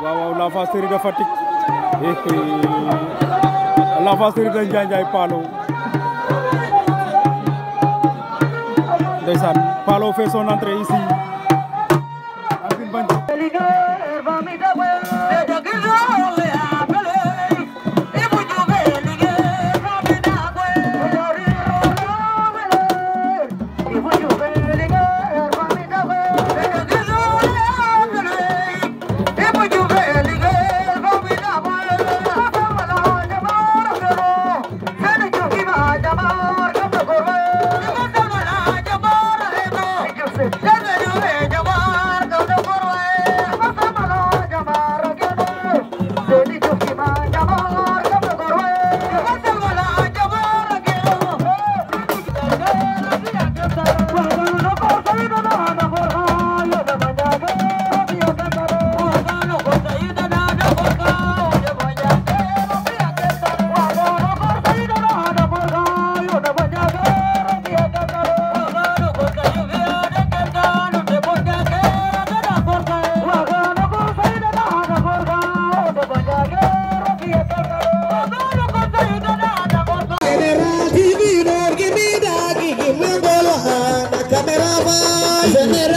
waaw waaw la fa série de Fatick la fa série de Njanjaay Paalo ndeysaan Paalo fait son entrée ici Albin 现在就来。Baba,